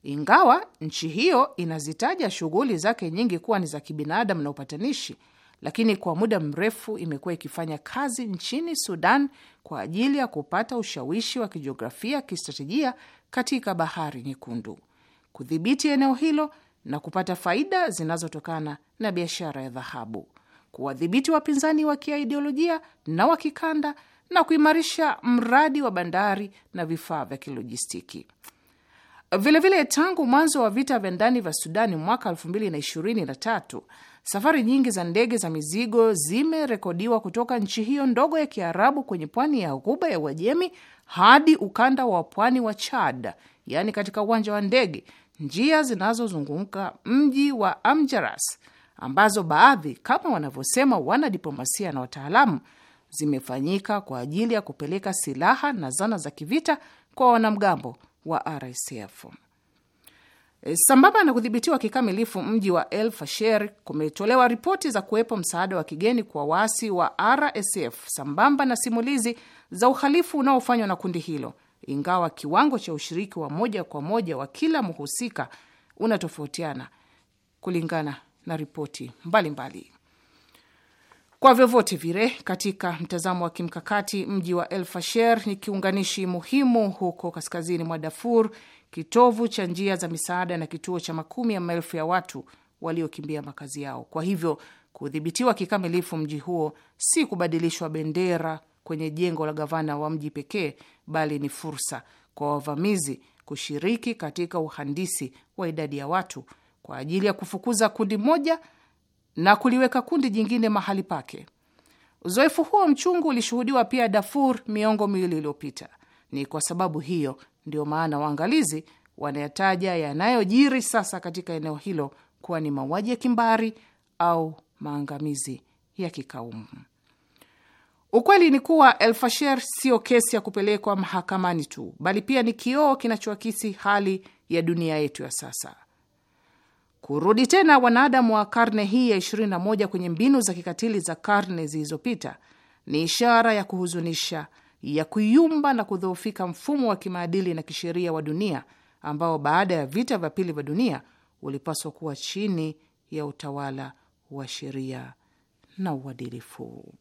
Ingawa nchi hiyo inazitaja shughuli zake nyingi kuwa ni za kibinadamu na upatanishi, lakini kwa muda mrefu imekuwa ikifanya kazi nchini Sudan kwa ajili ya kupata ushawishi wa kijiografia, kistratejia katika Bahari Nyekundu, kudhibiti eneo hilo na kupata faida zinazotokana na biashara ya dhahabu, kuwadhibiti wapinzani wa kiaidiolojia na wa kikanda na kuimarisha mradi wa bandari na vifaa vya kilojistiki. Vilevile, tangu mwanzo wa vita vya ndani vya Sudani mwaka 2023 safari nyingi za ndege za mizigo zimerekodiwa kutoka nchi hiyo ndogo ya Kiarabu kwenye pwani ya Ghuba ya Uajemi hadi ukanda wa pwani wa Chad, yaani katika uwanja wa ndege, njia zinazozunguka mji wa Amjaras ambazo baadhi, kama wanavyosema wanadiplomasia na wataalamu, zimefanyika kwa ajili ya kupeleka silaha na zana za kivita kwa wanamgambo wa RSF. E, sambamba na kudhibitiwa kikamilifu mji wa El Fasher, kumetolewa ripoti za kuwepo msaada wa kigeni kwa waasi wa RSF sambamba na simulizi za uhalifu unaofanywa na kundi hilo, ingawa kiwango cha ushiriki wa moja kwa moja wa kila mhusika unatofautiana kulingana na ripoti mbalimbali. Kwa vyovyote vile, katika mtazamo wa kimkakati, mji wa El Fasher ni kiunganishi muhimu huko kaskazini mwa Darfur, kitovu cha njia za misaada na kituo cha makumi ya maelfu ya watu waliokimbia makazi yao. Kwa hivyo kudhibitiwa kikamilifu mji huo si kubadilishwa bendera kwenye jengo la gavana wa mji pekee, bali ni fursa kwa wavamizi kushiriki katika uhandisi wa idadi ya watu kwa ajili ya kufukuza kundi moja na kuliweka kundi jingine mahali pake. Uzoefu huo mchungu ulishuhudiwa pia Darfur miongo miwili iliyopita. Ni kwa sababu hiyo ndiyo maana waangalizi wanayataja yanayojiri sasa katika eneo hilo kuwa ni mauaji ya kimbari au maangamizi ya kikaumu. Ukweli ni kuwa Elfasher siyo kesi ya kupelekwa mahakamani tu, bali pia ni kioo kinachoakisi hali ya dunia yetu ya sasa. Kurudi tena wanadamu wa karne hii ya 21 kwenye mbinu za kikatili za karne zilizopita ni ishara ya kuhuzunisha ya kuyumba na kudhoofika mfumo wa kimaadili na kisheria wa dunia ambao baada ya vita vya pili vya dunia ulipaswa kuwa chini ya utawala wa sheria na uadilifu.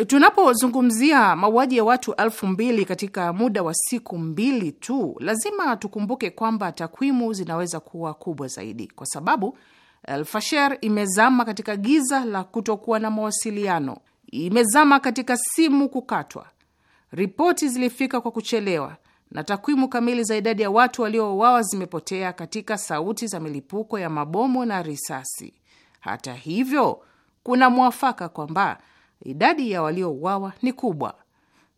E, tunapozungumzia mauaji ya watu elfu mbili katika muda wa siku mbili tu, lazima tukumbuke kwamba takwimu zinaweza kuwa kubwa zaidi, kwa sababu Alfasher imezama katika giza la kutokuwa na mawasiliano, imezama katika simu kukatwa, ripoti zilifika kwa kuchelewa, na takwimu kamili za idadi ya watu waliouawa zimepotea katika sauti za milipuko ya mabomu na risasi. Hata hivyo, kuna mwafaka kwamba idadi ya waliouawa ni kubwa.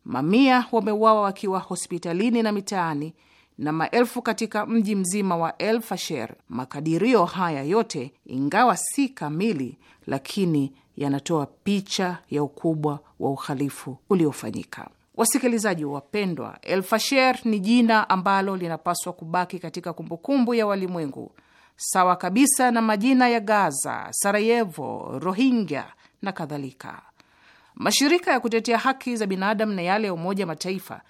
Mamia wameuawa wakiwa hospitalini na mitaani na maelfu katika mji mzima wa El Fasher. Makadirio haya yote, ingawa si kamili, lakini yanatoa picha ya ukubwa wa uhalifu uliofanyika. Wasikilizaji wapendwa, El Fasher ni jina ambalo linapaswa kubaki katika kumbukumbu ya walimwengu, sawa kabisa na majina ya Gaza, Sarajevo, Rohingya na kadhalika. Mashirika ya kutetea haki za binadamu na yale ya Umoja Mataifa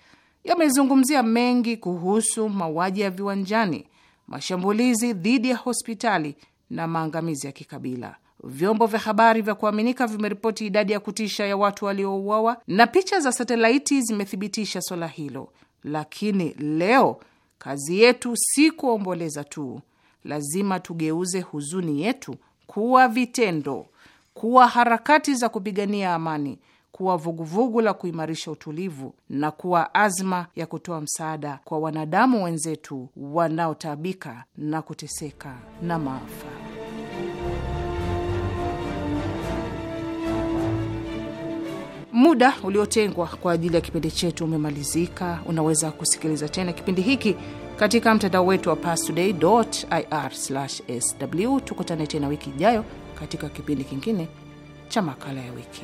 yamezungumzia mengi kuhusu mauaji ya viwanjani, mashambulizi dhidi ya hospitali na maangamizi ya kikabila. Vyombo vya habari vya kuaminika vimeripoti idadi ya kutisha ya watu waliouawa na picha za satelaiti zimethibitisha swala hilo. Lakini leo kazi yetu si kuomboleza tu, lazima tugeuze huzuni yetu kuwa vitendo kuwa harakati za kupigania amani, kuwa vuguvugu la kuimarisha utulivu na kuwa azma ya kutoa msaada kwa wanadamu wenzetu wanaotaabika na kuteseka na maafa. Muda uliotengwa kwa ajili ya kipindi chetu umemalizika. Unaweza kusikiliza tena kipindi hiki katika mtandao wetu wa pastoday.ir/sw. Tukutane tena wiki ijayo katika kipindi kingine cha makala ya wiki.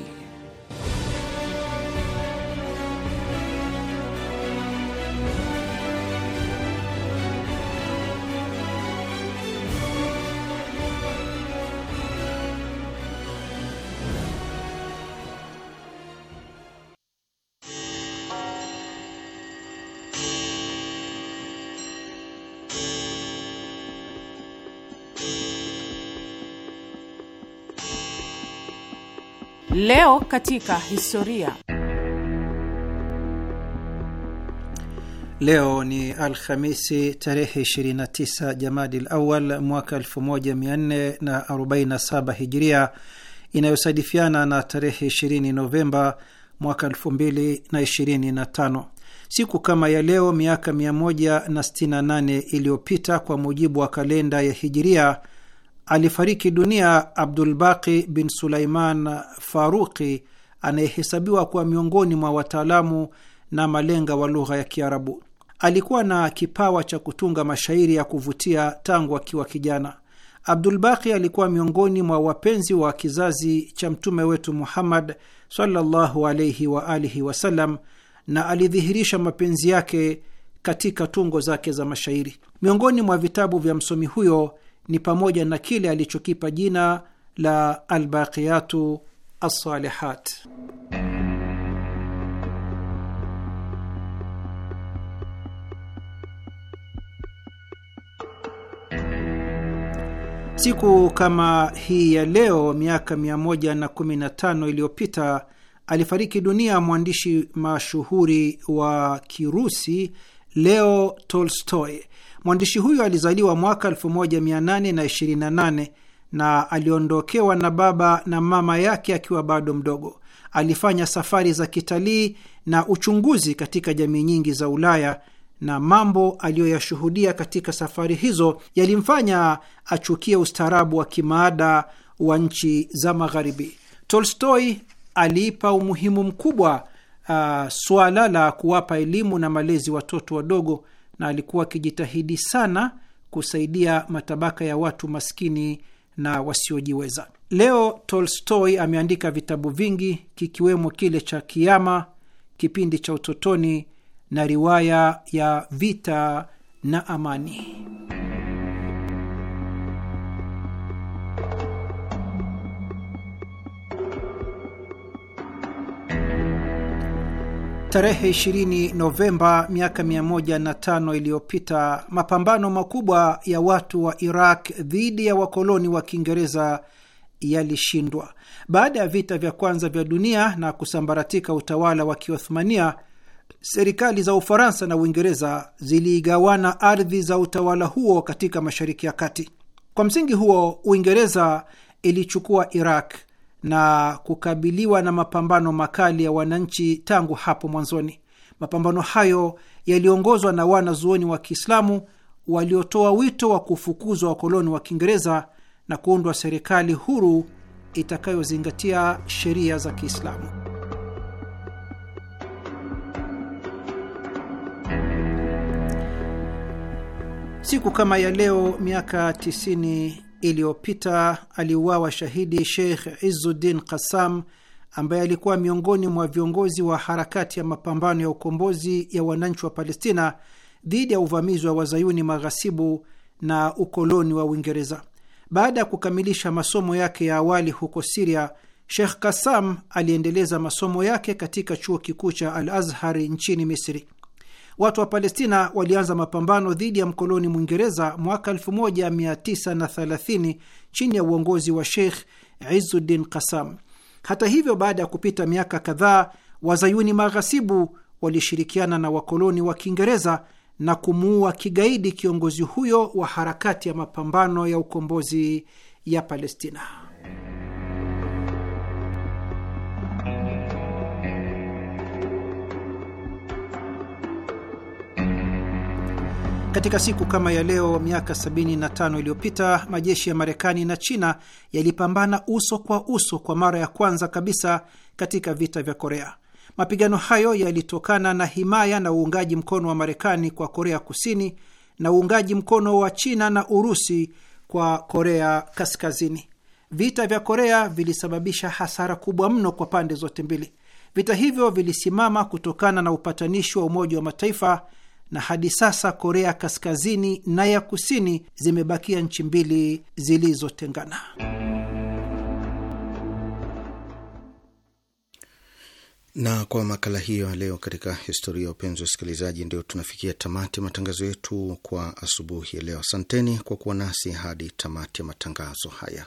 Leo katika historia. Leo ni Alhamisi tarehe 29 Jamadil Awal mwaka 1447 Hijria, inayosadifiana na tarehe 20 Novemba mwaka 2025. Siku kama ya leo miaka 168 iliyopita, kwa mujibu wa kalenda ya Hijiria, alifariki dunia Abdulbaqi bin Sulaiman Faruqi anayehesabiwa kuwa miongoni mwa wataalamu na malenga wa lugha ya Kiarabu. Alikuwa na kipawa cha kutunga mashairi ya kuvutia tangu akiwa kijana. Abdulbaqi alikuwa miongoni mwa wapenzi wa kizazi cha mtume wetu Muhammad sallallahu alayhi wa alihi wasallam, na alidhihirisha mapenzi yake katika tungo zake za mashairi. Miongoni mwa vitabu vya msomi huyo ni pamoja na kile alichokipa jina la Albaqiyatu Assalihat. Siku kama hii ya leo miaka 115 iliyopita alifariki dunia mwandishi mashuhuri wa Kirusi Leo Tolstoy Mwandishi huyo alizaliwa mwaka 1828 na aliondokewa na baba na mama yake akiwa bado mdogo. Alifanya safari za kitalii na uchunguzi katika jamii nyingi za Ulaya na mambo aliyoyashuhudia katika safari hizo yalimfanya achukie ustaarabu wa kimaada wa nchi za Magharibi. Tolstoy aliipa umuhimu mkubwa uh, suala la kuwapa elimu na malezi watoto wadogo na alikuwa akijitahidi sana kusaidia matabaka ya watu maskini na wasiojiweza. Leo Tolstoy ameandika vitabu vingi kikiwemo kile cha Kiama, Kipindi cha Utotoni na riwaya ya Vita na Amani. Tarehe 20 Novemba miaka 105 iliyopita, mapambano makubwa ya watu wa Iraq dhidi ya wakoloni wa Kiingereza yalishindwa baada ya vita vya kwanza vya dunia na kusambaratika utawala wa Kiothmania. Serikali za Ufaransa na Uingereza ziliigawana ardhi za utawala huo katika Mashariki ya Kati. Kwa msingi huo, Uingereza ilichukua Iraq na kukabiliwa na mapambano makali ya wananchi tangu hapo mwanzoni. Mapambano hayo yaliongozwa na wanazuoni wa Kiislamu waliotoa wito wa kufukuzwa wakoloni wa Kiingereza na kuundwa serikali huru itakayozingatia sheria za Kiislamu. Siku kama ya leo miaka 90 iliyopita aliuawa shahidi Sheikh Izuddin Qassam ambaye alikuwa miongoni mwa viongozi wa harakati ya mapambano ya ukombozi ya wananchi wa Palestina dhidi ya uvamizi wa wazayuni maghasibu na ukoloni wa Uingereza. Baada ya kukamilisha masomo yake ya awali huko Siria, Sheikh Kassam aliendeleza masomo yake katika chuo kikuu cha Al Azhari nchini Misri watu wa Palestina walianza mapambano dhidi ya mkoloni Mwingereza mwaka 1930 chini ya uongozi wa Sheikh Izuddin Kasam. Hata hivyo, baada ya kupita miaka kadhaa, wazayuni maghasibu walishirikiana na wakoloni wa Kiingereza na kumuua kigaidi kiongozi huyo wa harakati ya mapambano ya ukombozi ya Palestina. Katika siku kama ya leo miaka 75 iliyopita majeshi ya Marekani na China yalipambana uso kwa uso kwa mara ya kwanza kabisa katika vita vya Korea. Mapigano hayo yalitokana na himaya na uungaji mkono wa Marekani kwa Korea Kusini na uungaji mkono wa China na Urusi kwa Korea Kaskazini. Vita vya Korea vilisababisha hasara kubwa mno kwa pande zote mbili. Vita hivyo vilisimama kutokana na upatanishi wa Umoja wa Mataifa na hadi sasa Korea Kaskazini na ya Kusini zimebakia nchi mbili zilizotengana. Na kwa makala hiyo ya leo katika historia ya upenzi wa usikilizaji, ndio tunafikia tamati matangazo yetu kwa asubuhi ya leo. Asanteni kwa kuwa nasi hadi tamati ya matangazo haya.